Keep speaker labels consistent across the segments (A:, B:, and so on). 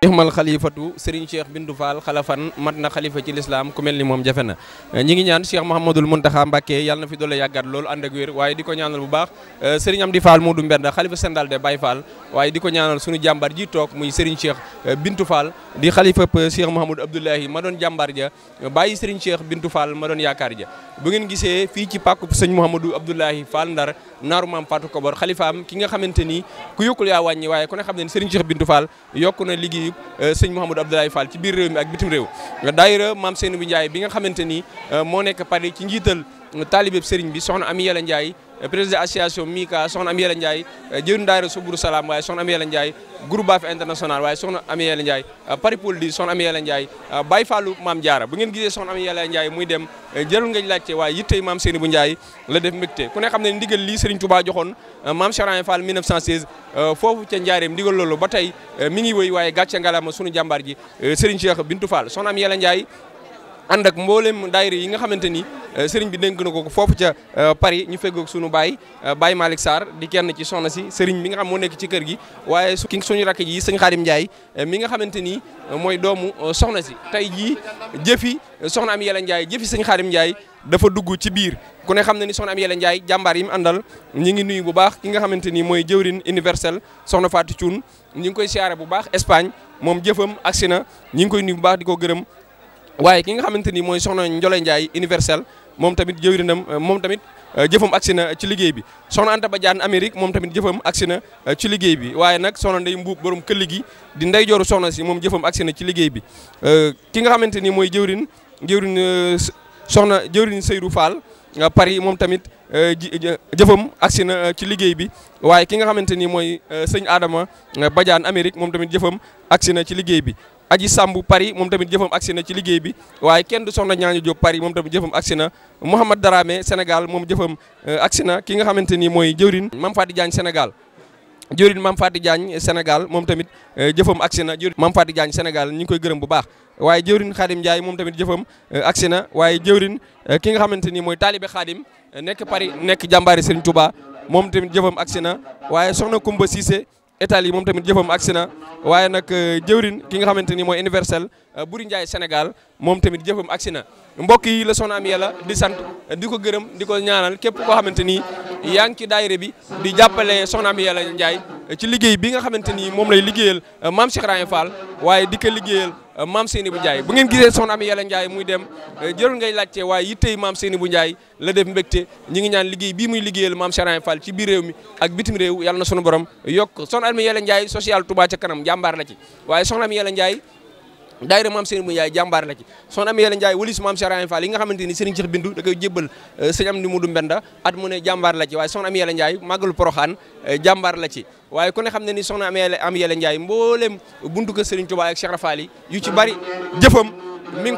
A: ixmal xalifatu Serigne Cheikh Bintou Fall xalafan mat na xalifa ci lislaam ku mel ni moom jafe na ñi ngi ñaan Cheikh Mouhamadul Mountakha Mbacké yàlla na loolu ànd ak wér waaye di ko ñaanal bu baax euh, Serigne di ko ñaanal suñu jàmbar ji euh, xalifa euh, Cheikh Mouhamadou ma doon jàmbar ja bàyyi Serigne Cheikh Bintou Fall ma doon yaakaar ja bu ngeen gisee fii ci pàkku sëñ Mouhamadou Abdoulahi Fall Ndar naaru maam Fatou Kobor xalifaam ki nga xamante ni ku yokkul yaa wàññi waaye ku a xam ne Serigne Cheikh liggéeyu euh, sëñ Mouhamadou Abdoulaye Fall ci biir réew ak bitim réew daayira maam bi Ndiaye bi nga xamante ni euh, moo nekk Paris ci njiital nga euh, taalibeb sëriñ bi soxna Ami Yàlla Ndiaye Euh, président association Mika soxna Amy Yalla Ndiaye euh, jëriñ daayira Suburu Salaam waaye soxna Amy Yalla Ndiaye groupe Bafi international waaye soxna Amy Yalla Ndiaye euh, paripol di soxna Amy Yalla Ndiaye Maam Jaara bu ngeen gisee soxna Amy Yalla Ndiaye muy dem jërul ngeen laajte waaye yittey maam Seeni bu Ndiaye la def mbégte ku ne xam ne ndigal lii Serigne Touba joxoon maam Cheikh Fall 1916 foofu ca Njaareem ndigal loolu ba tey mi ngi wéy waaye gàcce ngalama sunu jàmbaar ji Serigne Cheikh Bintou Fall soxna Amy Yalla Ndiaye ànd ak mboolem daayira yi nga xamante ni euh, sëriñ bi dénk na ko foofu ca euh, Paris ñu feggoog sunu baay euh, baay Malick Sarr di kenn ci soxna si sëriñ bi nga xam moo nekk ci kër gi waaye su ki suñu rakk ji sëñ Xaadim Ndiaye mi nga xamante ni mooy doomu soxna si tey jii jëfi soxna am Yàlla Ndiaye jëfi sëñ Xaadim Ndiaye dafa dugg ci biir ku ne xam ne ni soxna am Yàlla Ndiaye jàmbaar yi mu àndal ñi ngi nuyu bu baax ki nga xamante ni mooy jëwrin universel soxna Fatou Thioune ñi ngi koy siyaare bu baax Espagne moom jëfam agsi na ñi ngi koy nuyu di ko gërëm waaye ki nga xamante ni mooy soxna njole Ndiaye universel moom tamit jëwrinam euh, moom tamit euh, jëfam agsi na euh, ci liggéey bi soxna Anta Badiane Amérique moom tamit jëfam agsi na ci liggéey bi waaye nag soxna Ndey Mbuub di ndey jooru soxna moom jëfam agsi na ci liggéey ki nga xamante ni mooy jëwrin jëwrin soxna jëwrin Seydou Fall Paris moom tamit jëfam agsi na ci liggéey bi waaye ki nga xamante ni mooy sëñ Adama Badiane Amérique moom tamit jëfam agsi na ci liggéey bi aji sàmbu Paris moom tamit jëfam agsi na ci liggéey bi waaye kenn du soxna ñaañu Diop Paris moom tamit jëfam agsi na Mouhamad Darame Sénégal moom jëfam euh, agsi na ki nga xamante ni mooy jëwrin Mame Faty Diagne Sénégal jëwrin Mame Faty Diagne Sénégal moom tamit euh, jëfam agsi na jëwrin Mame Faty Diagne Sénégal ñu ngi koy gërëm bu baax waaye jëwrin Khadim Ndiaye moom tamit jëfam euh, agsi na waaye jëwrin ki nga xamante ni mooy taalibe Khadim nekk Paris nekk jàmbaari Serigne Touba moom tamit jëfam agsi na waaye soxna Koumba Cissé état yi moom tamit jëfam agsi na waaye nag euh, jëwrin ki nga xamante ni mooy universel euh, Buri Ndiaye Sénégal moom tamit jëfam agsi na mbokk yi la soxnaam yàlla di sant di ko gërëm di ko ñaanal képp koo xamante ni yaa ngi ci daayira bi di jàppale soxnaam yàlla Ndiaye ci liggéey bi nga xamante ni moom lay liggéeyal euh, mam Cheikh Rahim waaye di ko liggéeyal Euh, maam Seynabou Ndiaye bu ngeen gisee soxna Amy Yàlla Ndiaye muy dem euh, jërul ngay laajte waaye yittey maam Seynabou Ndiaye la def mbégte ñi ngi ñaan liggéey bii muy liggéeyal maam Serigne Fall ci biir réew mi ak bitim réew yàlla na sunu borom yokk soxna Amy Yàlla Ndiaye social Touba ca kanam jàmbaar la ci waaye soxna Amy Yàlla daayira maam Serigne bu Ndiaye jàmbaar la ci son am yàlla Ndiaye wëlis maam Serigne Fall yi nga xamante ni Serigne Cheikh Bindu da koy jébbal sëñ am ni mudu mbenda at mu ne jàmbaar la ci waaye son am yàlla Ndiaye euh, ci waaye ku ne xam ne mboolem buntu ko Serigne Touba ak Cheikh Rafal yi yu ci bari jëfam euh,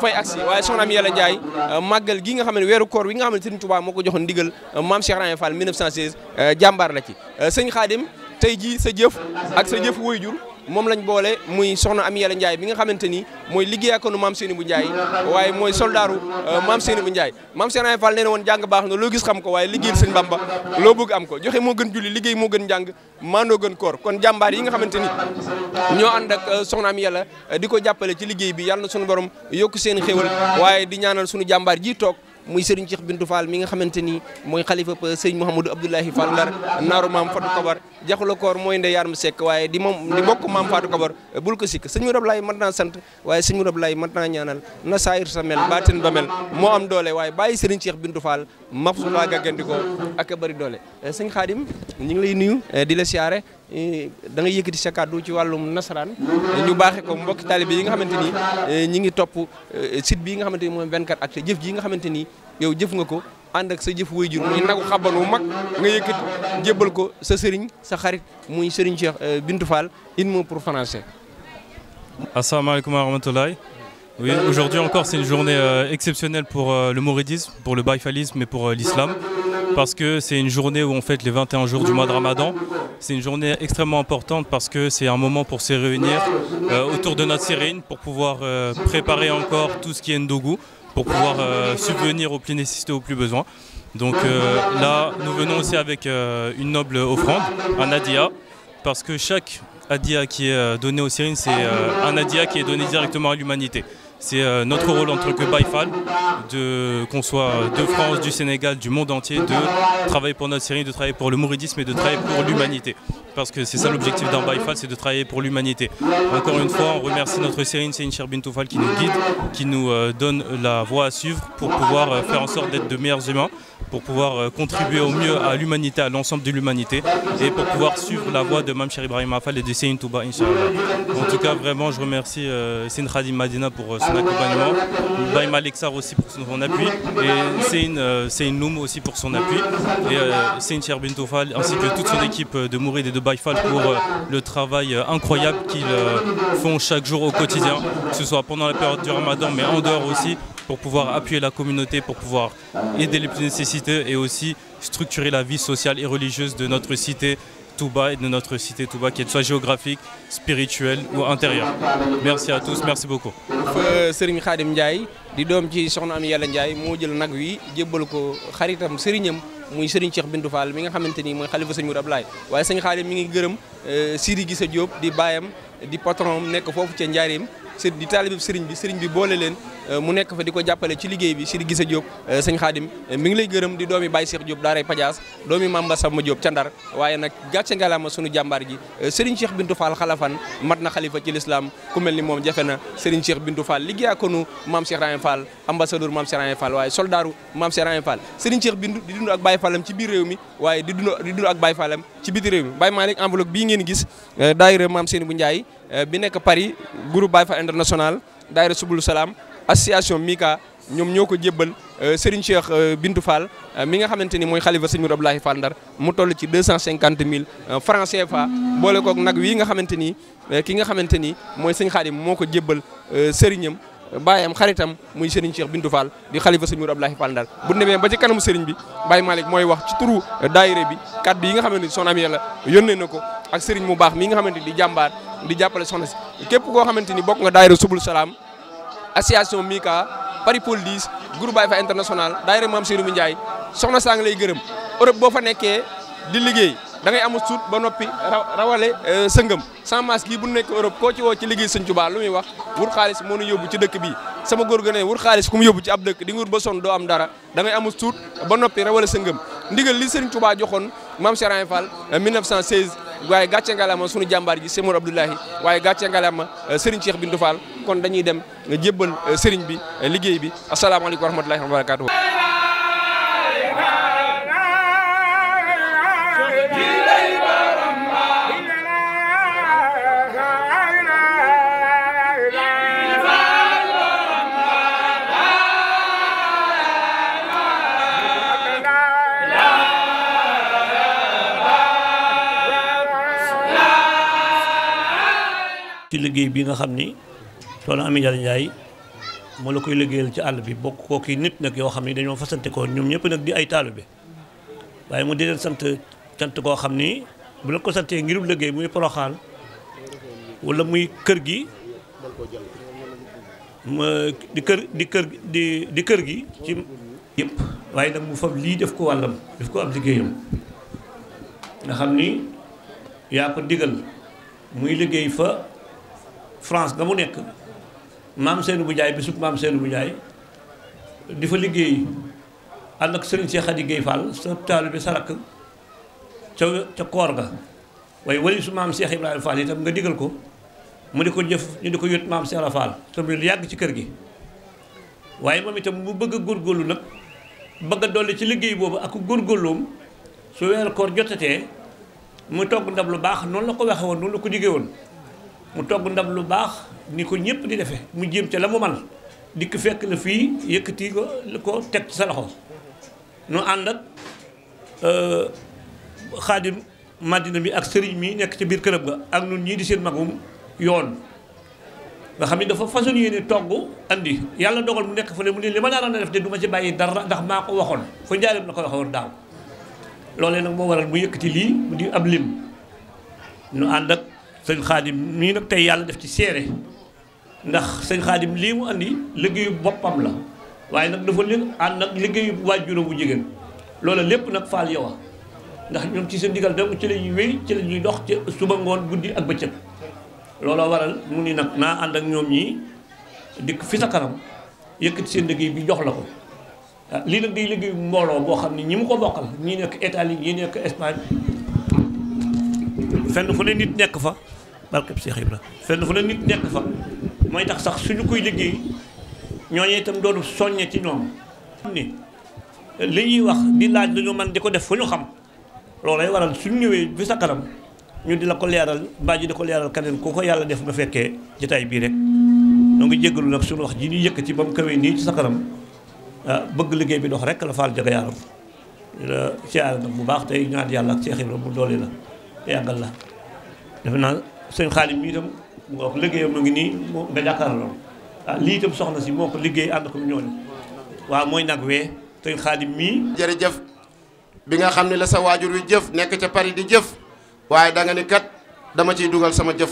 A: gi nga xam ne weeru koor wi nga xam ne Serigne Touba moo ko joxoon ndigal euh, maam Serigne Fall 1916 jàmbaar la ci sëñ Xaadim tey jii sa jëf ak sa jëf woy jur moom lañ boole muy soxna am Yalla Ndiaye bi nga xamante ni mooy liggéeyakonu maam Seeni bu Ndiaye waaye mooy soldaaru euh, maam Seeni bu Ndiaye maam Seeni ay Fall woon jàng baax na loo gis xam ko waaye liggéeyal sëñ Bamba loo bëgg am ko joxe moo gën julli liggéey moo gën jàng maandoo gën koor kon jàmbaar yi nga xamante ni ñoo ànd ak euh, soxna Amy Yalla euh, di ko jàppale ci liggéey bi yàlla na suñu borom yokk seen xéwal waaye di ñaanal suñu jàmbaar ji toog muy Serigne Cheikh Bintou Fall mi nga xamante ni mooy xalifa pa Serigne Mouhamadou Abdoulahi Fall Ndar naaru maam Fatou Kabar jaxula koor mooy nde yaar mu sekk waaye di moom di mbokk maam Fatou Kabar bul ko sikk sëñ mu rab laay mën naa sant waaye sëñ mu rab laay mën naa ñaanal na saayir sa mel baatin ba mel moo am doole waaye bàyyi Serigne Cheikh Bintou Fall maf sulaa gàggandikoo ak a bëri doole eh, sëñ Xaadim ñu ngi lay nuyu eh, di la siyaare Eh, da ngay yëkkati sa kàddu ci wàllum nasaraan eh, ñu baaxee ko mbokki taalibe yi nga xamante ni eh, ñi ngi topp site bii nga xamante ni mooy 24actu jëf ji nga xamante ni yow jëf nga ko ànd ak sa jëf waajur muy nagu xaban wu mag nga yëkkati jébbal ko sa sëriñ sa xarit muy sëriñ Cheikh Bintou Fall une
B: mot pour français. asalaamaaleykum wa rahmatulahi. Oui, aujourd'hui encore, c'est une journée euh, exceptionnelle pour euh, le mouridisme, pour le baïfalisme et pour euh, l'islam. parce que c'est une journée où on fête les 21 jours du mois de Ramadan. C'est une journée extrêmement importante parce que c'est un moment pour se réunir euh, autour de notre sérine pour euh, préparer encore tout ce qui est Ndogu, pour pouvoir euh, subvenir aux plus nécessités, aux plus besoins. Donc là, nous venons aussi avec une noble offrande, un adia, parce que chaque adia qui est donné aux sérines, c'est un adia qui est donné directement à l'humanité. C'est euh, notre rôle en tant que Baïfal, qu'on soit de France, du Sénégal, du monde entier, de travailler pour notre série, de travailler pour le mouridisme et de travailler pour l'humanité. parce que c'est ça l'objectif d'un Baïfal, c'est de travailler pour l'humanité. Encore une fois, on remercie notre Céline Céline Sherbin Toufal qui nous guide, qui nous euh, donne la voie à suivre pour pouvoir euh, faire en sorte d'être de meilleurs pour pouvoir euh, contribuer au mieux à l'humanité, à l'ensemble de l'humanité, et pour pouvoir suivre la voie de Mamshir Ibrahim Afal et de Céline Touba, En tout cas, vraiment, je remercie Céline Khadim Madina pour Baïfal pour euh, le travail euh, incroyable qu'ils euh, font chaque jour au quotidien, que ce soit pendant la période du ramadan mais en dehors aussi, pour pouvoir appuyer la communauté, pour pouvoir aider les plus nécessiteux et aussi structurer la vie sociale et religieuse de notre cité Touba et de notre cité Touba, qu'elle soit géographique, spirituelle ou intérieure. Merci à tous, merci beaucoup.
A: Serigne Khadim Ndiaye di doom ci soxna am yàlla Ndiaye moo jël muy Serigne Cheikh Bindou Fall mi nga xamante ni mooy xalifa sëñ Mour Ablaye waaye sëñ Xaadim mi ngi gërëm euh, Siri sa Diop di baayam di patron nekk foofu ca Njaareem di taalibib sëriñ bi sëriñ bi boole leen Euh, mu nekk fa di ko jàppale ci liggéey bi Sidi Gise Diop euh, sëñ Xaadim euh, mi ngi lay gërëm di doomi Baye Cheikh Diop daaray Padias doomi Mamba Samba Diop ca Ndar waaye nag gàcce ngalaama sunu jàmbaar ji Serigne Cheikh Bintou Fall xalafan mat na xalifa ci lislaam ku mel ni moom jafe na Serigne Cheikh faal Fall liggéeyaa konu Maam Cheikh Rahim Fall ambassadeur Maam Cheikh Rahim Fall waaye soldaaru mam Cheikh Rahim Fall Serigne Cheikh Bintou di dund ak Baye Fallam ci biir réew mi waaye di dund di dund ak Baye Fallam ci biti réew mi Baye Malick bii ngeen gis daayira Maam Seeni bu Njaay bi nekk Paris groupe Baye Fall international daayira Salaam association Mika ñoom ñoo ko jébbal euh, Serigne Cheikh euh, Bintou Fall euh, mi nga xamante ni mooy xalifa sëñ Mourou Abdoulaye Fall Ndar mu toll ci deux cent cinquante mille francs CFA boole kook nag wii nga xamante ni ki nga xamante ni mooy sëñ Xaadim moo ko jébbal sëriñam baayam xaritam muy Serigne Cheikh Bintou Fall di xalifa sëñ Mourou Abdoulaye Fall Ndar bu demee ba ci kanamu Serigne bi Baye Malick mooy wax ci turu daayira bi kàddu yi nga xamante ni son ami la yónnee na ko ak Serigne mu baax mi nga xamante ni di jàmbaar di jàppale association mii Paris Pôle 10 groupe Baye international international daayira Maam Serigne Ndiaye soxna saa saang lay gërëm Europe boo fa nekkee di liggéey da ngay amul suut ba noppi rawale euh, sëngëm sans masque gi bu nekk Europe koo ci woo ci liggéey Sëñ Tuubaa lu muy wax wut xaalis moo nu yóbbu ci dëkk bi sama góor ga ne wut xaalis ku mu yóbbu ci ab dëkk di nga wut ba sonn doo am dara da ngay amul suut ba noppi rawale sëngëm ndigal li Sëñ Tuubaa joxoon Maam Serigne Fall 1916 euh, waaye gàcce ngalaama sunu jàmbaar ji Seymour Abdoulahi waaye gàcce ngalaama euh, Serigne Cheikh Bintou Fall kon dañuy dem euh, jébbal euh, Serigne bi liggéey bi asalaamaaleykum wa rahmatulahi wa barakatuh
C: liggéey bi nga xam ni soxna Amy Diallo Ndiaye moo la koy liggéeyal ci àll bi bokk koo kii nit nag yoo xam ni dañoo fasante ko ñoom ñëpp nag di ay bi waaye mu di leen sant sant koo xam ni bu la ko santee ngirub liggéey muy poroxaan wala muy kër gi di kër di kër di di kër gi ci yëpp waaye nag mu fab lii def ko wàllam def ko ab liggéeyam nga xam ni yaa ko digal muy liggéey fa France nga mu nekk maam Seydou bu Ndiaye bisub maam Seydou bu Ndiaye di fa liggéey ànd ak sëriñ Cheikh Khady Guèye Fall sa taalibe sa rakk ca ca koor ga waaye wali su maam seex Ibrahima Fall itam nga digal ko mu di ko jëf ñu di ko yót maam Cheikh Fall tam lu yàgg ci kër gi waaye moom itam mu bëgg góor góorlu nag bëgg a dolli ci liggéey boobu ak góorgóorloom su weer koor jotatee mu togg ndab lu baax noonu la ko waxe woon noonu la ko diggee woon mu togg ndab lu baax ni ko ñëpp di defe mu jéem ca la mu man dikk fekk la fii yëkkati ko ko teg ci sa loxo nu ànd ak euh, xaadim madina bi ak sëriñ mi nekk ci biir këram ga ak nu ñii di seen magum yoon nga xam ne dafa façon yéene togg andi yàlla dogal mu nekk fa ne mu ne li ma daan def de du ma ci bàyyi dara ndax maa ko waxoon fa njaarim la ko waxoon daaw loolee nag moo waral mu yëkkati lii mu di ab lim nu ànd ak sëñ xaadim mii nag tey yàlla def ci seere ndax sëñ xaadim lii mu andi liggéeyu boppam la waaye nag dafa leen ànd nag liggéeyu waajuram bu jigéen loola lépp nag faal yow a ndax ñoom ci seen digal donc ci la ñuy wéy ci la ñuy dox ci suba ngoon guddi ak bëccëg looloo waral mu ni nag naa ànd ak ñoom ñi dikk fi sa kanam yëkkati seen liggéey bi jox la ko lii nag day liggéeyu mbooloo boo xam ne ñi mu ko bokkal ñi nekk Italie ñii nekk Espagne fenn fu ne nit nekk fa barkeb Cheikh la fenn fu ne nit nekk fa mooy tax sax suñu koy liggéey ñooñu itam doonu soññe ci ñoom li ñuy wax di laaj lu man di ko def fu ñu xam loolu loolay waral suñu ñëwee bi sa kanam ñu di la ko leeral mbaa ji di ko leeral keneen ku ko yàlla def nga fekkee jotaay bii rek ñoo ngi jéggalu nag suñu wax ji ñuy yëkkati ba mu kawee nii ci ah, bëgg liggéey bi dox rek la faal jaga yaaram la bu baax tey ñaan yàlla ak mu doole la yàggal la defe naa sëñ xaalim mii itam nga wax ngi nii nga jàkkaarloo ah, lii itam soxna si moo ko liggéey ànd ko ñooñu waaw mooy nag we sëñ xaalim mii jërëjëf bi nga xam ne la
D: sa waajur wi jëf nekk ca Paris di jëf waaye da ni kat dama ciy dugal sama jëf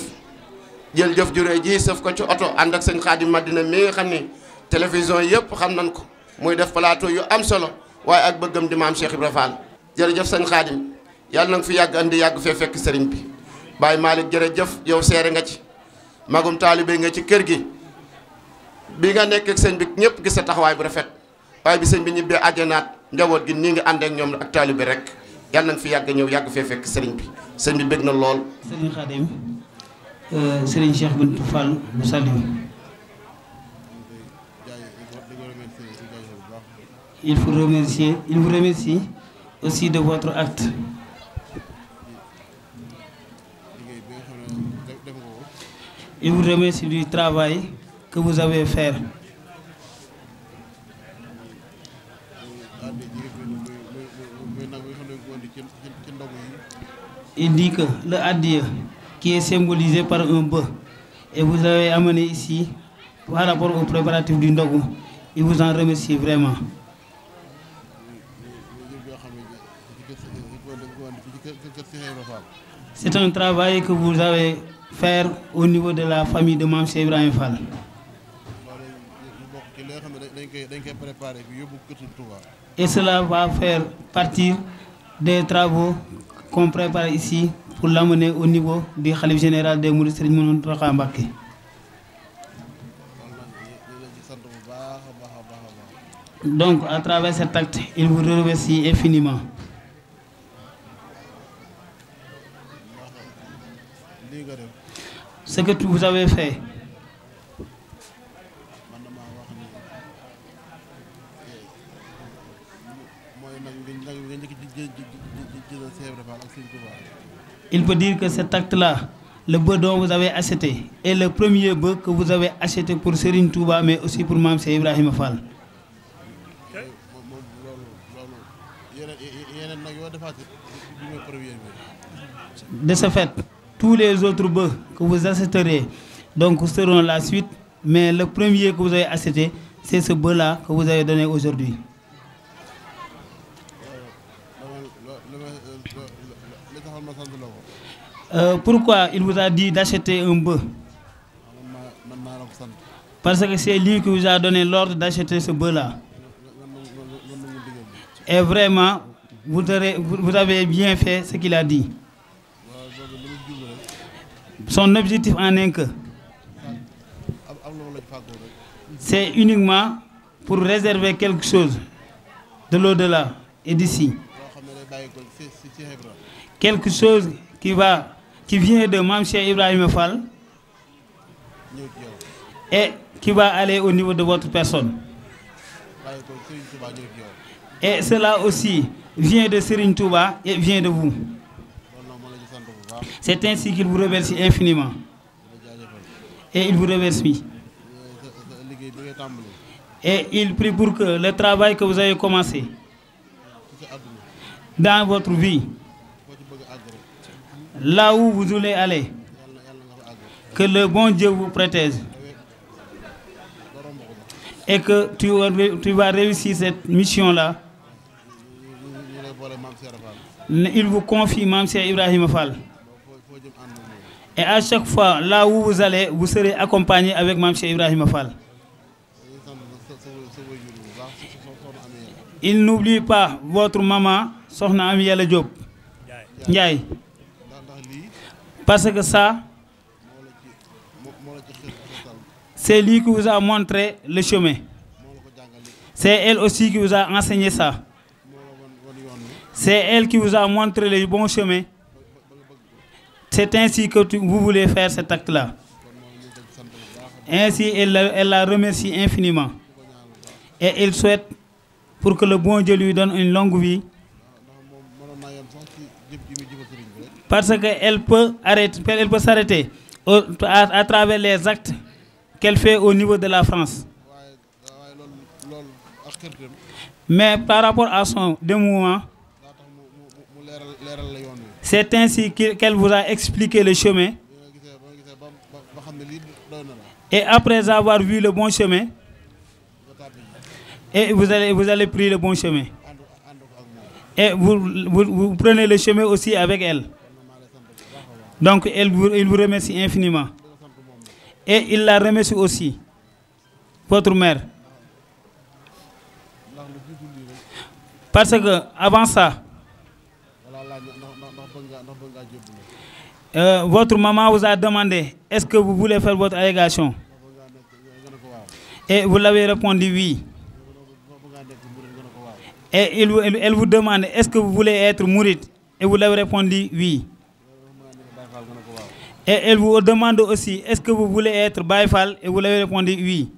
D: jël jëf juree ji sëf ko ci oto ànd ak sëñ xaadim Madina mi nga xam ni télévision yëpp xam nañ ko muy def plateau yu am solo waaye ak bëggam di maam Cheikh Ibra Fall jërëjëf sëñ xaadim yàlla na nga fi yàgg andi yàgg fee fekk sëriñ bi Baye Malick jëf yow seere nga ci magum taalibe nga ci kër gi bi nga nekk ak sëñ bi ñëpp gis sa taxawaay bu rafet waaye bi sëñ bi ñibbee àjjanaat njaboot gi nii nga ànd ak ñoom ak taalibe rek yàlla na nga fi yàgg ñëw yàgg fee fekk sëriñ bi sëñ bi bég na lool.
E: sëriñ Xadim euh, sëriñ Cheikh Bintou Fall Saliou il de votre Je vous remercie du travail que vous avez fait. Il dit que qui est symbolisé par un bœuf et vous avez amené ici par rapport au préparatif du ndogu, il vous en remercie vraiment. C'est un que vous avez faire au niveau de la famille de Mame Cheikh Ibrahima Fall. Et cela va faire des travaux qu'on prépare ici pour l'amener au niveau du khalife général des Mourides Serigne Mountakha Mbacké. Donc, à travers cet acte, il vous remercie infiniment. ce que vous avez fait. Il peut dire que cet acte-là, le bœuf dont vous avez acheté, est le premier bœuf que vous avez acheté pour Serigne Touba, mais aussi pour Mame Cheikh Ibrahima Fall. De ce fait, tous les autres bœufs que vous achèterez donc seront la suite mais le premier que vous avez acheté c'est ce bœuf que vous avez donné aujourd'hui euh, pourquoi il vous a dit d'acheter un bœuf parce que c'est lui qui vous a donné l'ordre d'acheter ce bœuf là vraiment vous avez bien fait ce qu'il a dit son objectif en est c'est uniquement pour réserver quelque chose de l'au-delà et d'ici quelque chose qui va qui vient de Mame Cheikh Ibrahima Fall et qui va aller au niveau de votre personne et cela aussi vient de Serigne Touba et vient de vous C'est ainsi qu'il vous remercie infiniment. Et il vous remercie. Et il prie pour que le travail que vous avez commencé dans votre vie, là vous voulez aller, que le bon Dieu vous et que tu, vas réussir cette mission-là. Il vous confie Mamsia Ibrahim Fall. Et à chaque fois, là où vous allez, vous serez accompagné avec Mame Cheikh Ibrahima Fall. Il n'oublie pas votre maman, Sokhna Ami Yalla Diop Ndiaye. Parce que ça, c'est lui qui vous a montré le chemin. C'est elle aussi qui vous a enseigné ça. C'est elle qui vous a montré le bon chemin. C'est ainsi que tu, vous voulez faire cet acte-là. Ainsi, elle, la remercie infiniment. Et elle souhaite pour que le bon Dieu lui donne une longue vie. Parce que peut elle peut s'arrêter à, à travers les actes qu'elle fait au niveau de la France. Mais par rapport à son dévouement, C'est ainsi qu'elle vous a expliqué le chemin. Et après avoir vu le bon chemin, et vous allez, vous le bon chemin. Et vous, vous, prenez le chemin aussi avec elle. Donc, il vous remercie infiniment. Et il la remercie aussi, votre mère. Parce que avant ça, Euh, votre maman vous a demandé, est-ce que vous voulez faire votre allégation Et vous l'avez répondu oui. Et il, elle, elle vous demande, est-ce que vous voulez être mouride Et vous l'avez répondu oui. Et elle vous demande aussi, est-ce que vous voulez être baïfal Et vous l'avez répondu oui.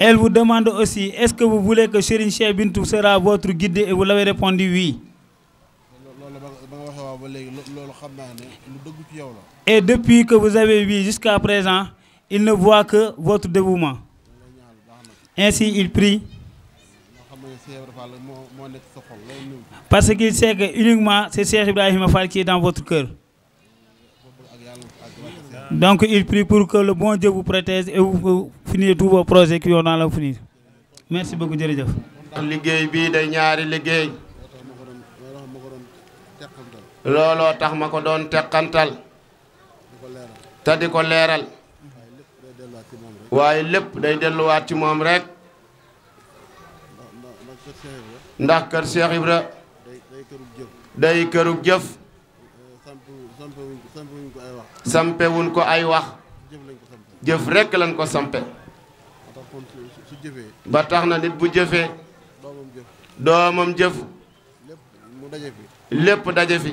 E: Elle vous demande aussi, est-ce que vous voulez que Serigne Cheikh Bintou sera votre guide et vous l'avez répondu oui. Et depuis que vous avez oui jusqu'à présent, il ne voit que votre dévouement. Ainsi, il prie. Parce qu'il sait uniquement c'est Cheikh Ibrahima Fall qui dans votre cœur. Donc il prie pour que le bon Dieu vous protège et vous finissez tous vos la finir. Merci beaucoup jërëjëf. ndax liggéey bi day
D: ñaari liggéey.
F: looloo tax
D: ma ko doon teqantal.
F: te di ko leeral. waaye
D: lépp day delluwaat ci moom rek.
F: ndax kër Cheikh Ibra.
D: day kërug jëf.
F: sampe wuñ ko ay wax jëf rekk lañ ko sampe ba tax na nit bu jëfee
D: doomam jëf lépp daje fi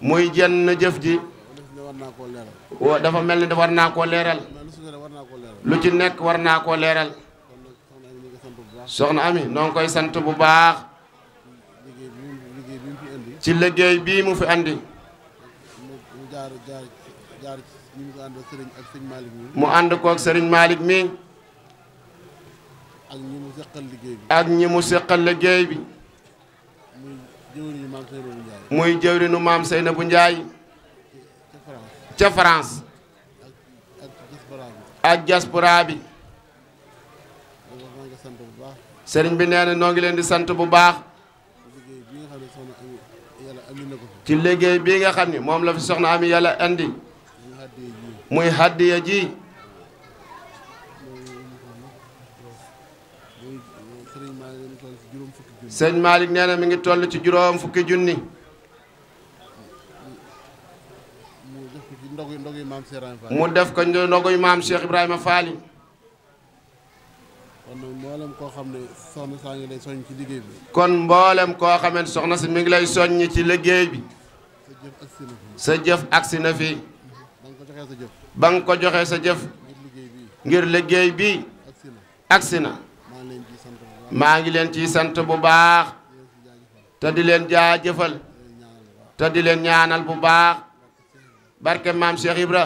D: muy jenn jëf ji wa dafa mel ni war naa koo leeral lu ci nekk war naa koo leeral soxna ami noo koy sant bu baax
F: ci liggéey bii mu fi andi jaar jaar jaar ñu ngi ko ànd ak sëriñ mu ànd
D: koog sëriñ Malick mi.
F: ak ñi mu seqal liggéey
D: bi. mu seqal liggéey bi. muy jëwriñu maam Seynabou Ndiaye. muy
F: jëwriñu
D: ca France. ak ak bi. sëriñ bi nee noo ngi leen di sant bu baax. ci liggéey bii nga xam ni moom la fi soxna Ami Yàlla indi muy hàddiya ji sëñ Malick nee na mi ngi toll ci juróom fukki junni
F: mu def ko ndoguy maam Cheikh Ibrahima Fall kon nag mboolem koo xam ne soxna saa ngi lay ci liggéey bi.
D: kon mboolem koo xam ne soxna si mi ngi lay soññ ci liggéey bi. sa jëf agsi na fi. ba nga ko joxee sa jëf. ngir liggéey bi. agsi na. maa ngi leen ciy sant bu baax. te di leen jaajëfal. te di leen ñaanal bu baax. barke maam Cheikh Ibra.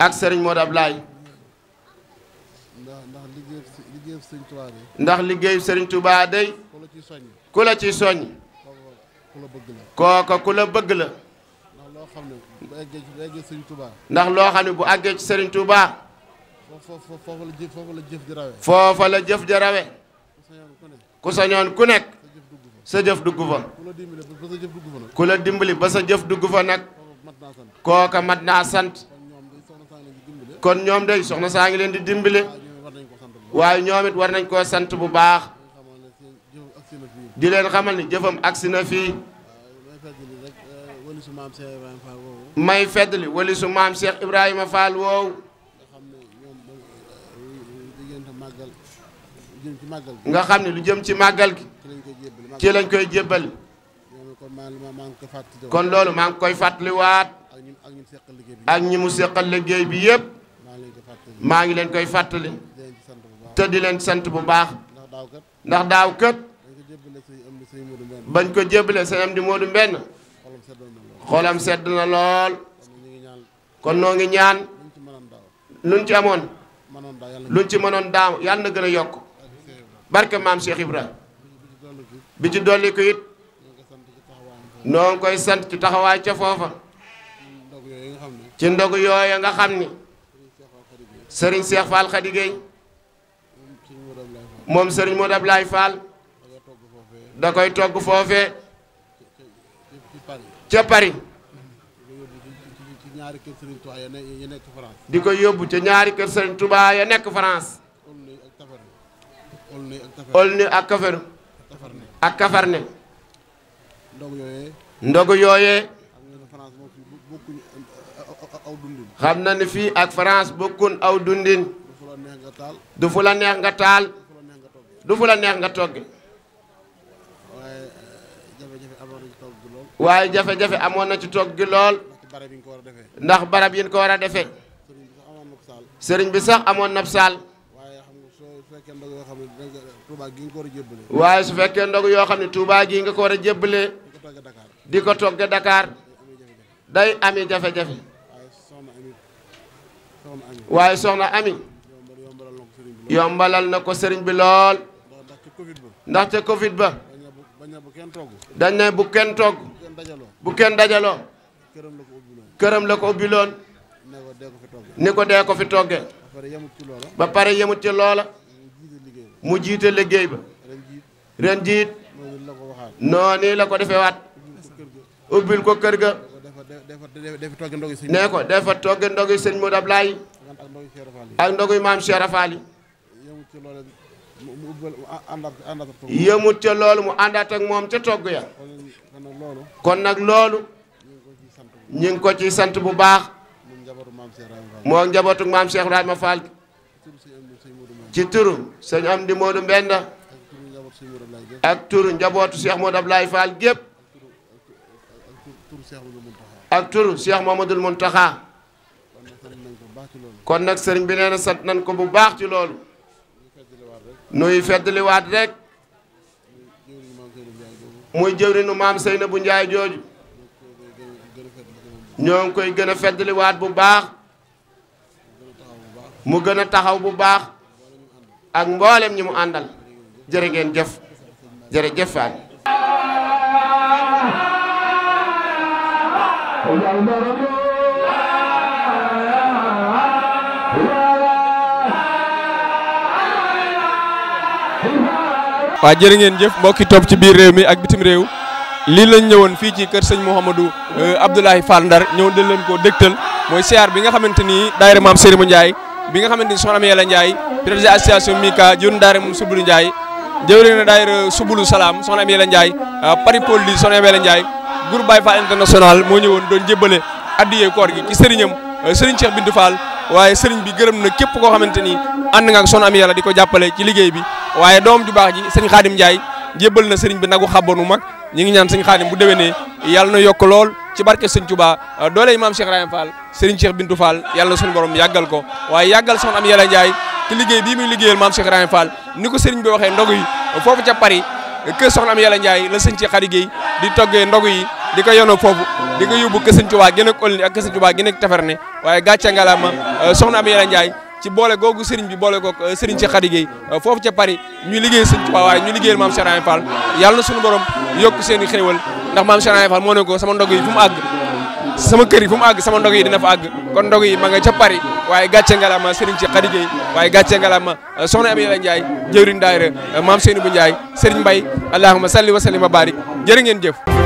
D: ak Serigne Modou Ablaye.
F: ndax liggéeyu Serigne Touba day ku la ci soññ
D: kooka ku la bëgg la ndax
F: loo xam ne bu
D: àggee ci Serigne Touba foofa la jëf di rawe ku sañoon ku nekk sa jëf dugg fa ku la dimbali ba sa jëf dugg fa nag kooka mat naa sant kon ñoom day soxna saa ngi leen di dimbale waaye ñoom it war nañ koo sant bu baax di leen xamal ni jëfam agsi na fii
F: may feddli wali su maam
D: Cheikh Ibrahima Fall woowu
F: nga xam ne lu jëm ci màggal gi ci lañ koy jébbali kon loolu maa ngi koy
D: fàttaliwaat ak ñi mu seqal liggéey bi yépp maa ngi leen koy fàttali te di leen sant bu baax ndax daaw kët bañ ko jébbale sëñ Amdi Moodu Mbenn xoolam sedd na lool kon noo ngi ñaan luñ ci amoon luñ ci mënoon daaw yàlla na gën a yokk barke maam Cheikh Ibra bi ci dolli ko it noo ngi koy sant ci taxawaay ca foofa ci ndogu yooya nga xam ni Serigne Cheikh Fall Khady Gueye moom sëriñ Modou Ablaye Fall da koy togg foofee ca Paris di koy yóbbu ca ñaari kër sëriñ Touba ya nekk France Aulnay ak Kaffrine ak Kaffrine ndogu yooyee xam na ne fii ak France bokkun aw dundin du fu la nga taal du fu la neex nga togge
F: waaye jafe-jafe amoon na ci togg gi lool ndax
D: barab yi ko war a defee
F: sëriñ bi sax amoon na saal
D: waaye su fekkee ndog yoo xam ne Touba gii nga ko war a jébbalee di ko togge Dakar day ami jafe-jafe waaye soxna ami yombalal na ko sëriñ bi lool ndaxte Covid ba. dañ ne bu kenn togg. bu kenn dajaloo. këram la ko ubbi loon. ni ko dee ko fi toggee. ba pare yemut ci loola. mu jiite liggéey ba. ren jiit. noonu la ko defee waat. ubbil ko kër ga.
F: nee ko dafa togge ndogu sëñ Modou Ablaye. ak ndogu maam Cheikh Rafaal yi.
D: yëmut ca loolu mu àndaat ak moom ca togg ya kon nag loolu ñu ngi ko ci sant bu baax moo njabootu maam Cheikh Ibrahima Fall ci turu sëñ am di Modou Mbenda ak turu njabootu Cheikh Modou Ablaye Fall gépp ak turu Cheikh Mamadou Mountakha kon nag sëriñ bi nee na sant nañ ko bu baax ci loolu nuy feddliwaat rek muy jëwrinu maam Seynabou Ndiaye jooju ñoo ngi koy gën a feddliwaat bu baax mu gën a taxaw bu baax ak mboolem ñi mu àndal jërë ngeen jëf jërë jëf
A: waa jërë ngeen jëf mbokki topp ci biir réew mi ak bitim réew lii lañ ñëwoon fii ci kër sëñ Mouhamadou euh, Abdoulaye Fall Ndar ñëw dañ leen koo dégtal mooy siyaar bi nga xamante ni daayira maam Serigne Ndiaye bi nga xamante ni soxna am yàlla Ndiaye président association Mika jëwriñ daayira moom Subulu Ndiaye jëwriñ na daayira Subulu Salaam soxna am yàlla Ndiaye euh, Paris Paul li soxna am yàlla Ndiaye groupe Baye Fall international moo ñëwoon doon jébbale addiyee koor gi ci sëriñam euh, sëriñ Cheikh Bintou Fall waaye sëriñ bi gërëm na képp koo xamante ni ànd nga ak son am yàlla di ko jàppale ci liggéey bi waaye doom ju baax ji sëñ Xaadim Njaay jébbal na sëriñ bi nagu xaboonu mag ñi ngi ñaan sëñ Xaadim bu déwénee yàlla na yokk lool ci barke sëñ Touba doole maam Cheikh Rahim Fall sëriñ Cheikh Bintou Fall yàlla suñu borom yàggal ko waaye yàggal soon am yàlla Njaay te liggéey bii muy liggéeyal maam Cheikh Rahim Fall ni ko sëriñ bi waxee ndog yi foofu ca Paris kër soxna am yàlla Njaay la sëñ ci xari di toggee ndogu yi di ko yónnoo foofu di ko yóbbu Kër Sëñ Tuubaa gi nekk Olni ak Kër Sëñ Tuubaa gi nekk waaye gàcce ngalaama euh, soxna Amy Yalla Ndiaye ci boole googu Serigne bi boole ko Serigne ci Khady euh, foofu ca Paris ñu liggéey Sëñ waaye ñu liggéeyal maam Cheikh Ibra Fall yàlla na borom yokk seen i ndax maam Cheikh Ibra moo ne ko sama ndog yi fu mu àgg sama kër yi fu mu àgg sama ndog yi dina fa àgg kon ndog yi ma nga ca Paris waaye gàcce ngalaama Serigne Cheikh Khady waaye gàcce ngalaama euh, soxna Amy Yalla Ndiaye jëwriñ daayira maam Seynabou Ndiaye Serigne Mbaye allahumma salli wa sallim wa barik jërë ngeen jëf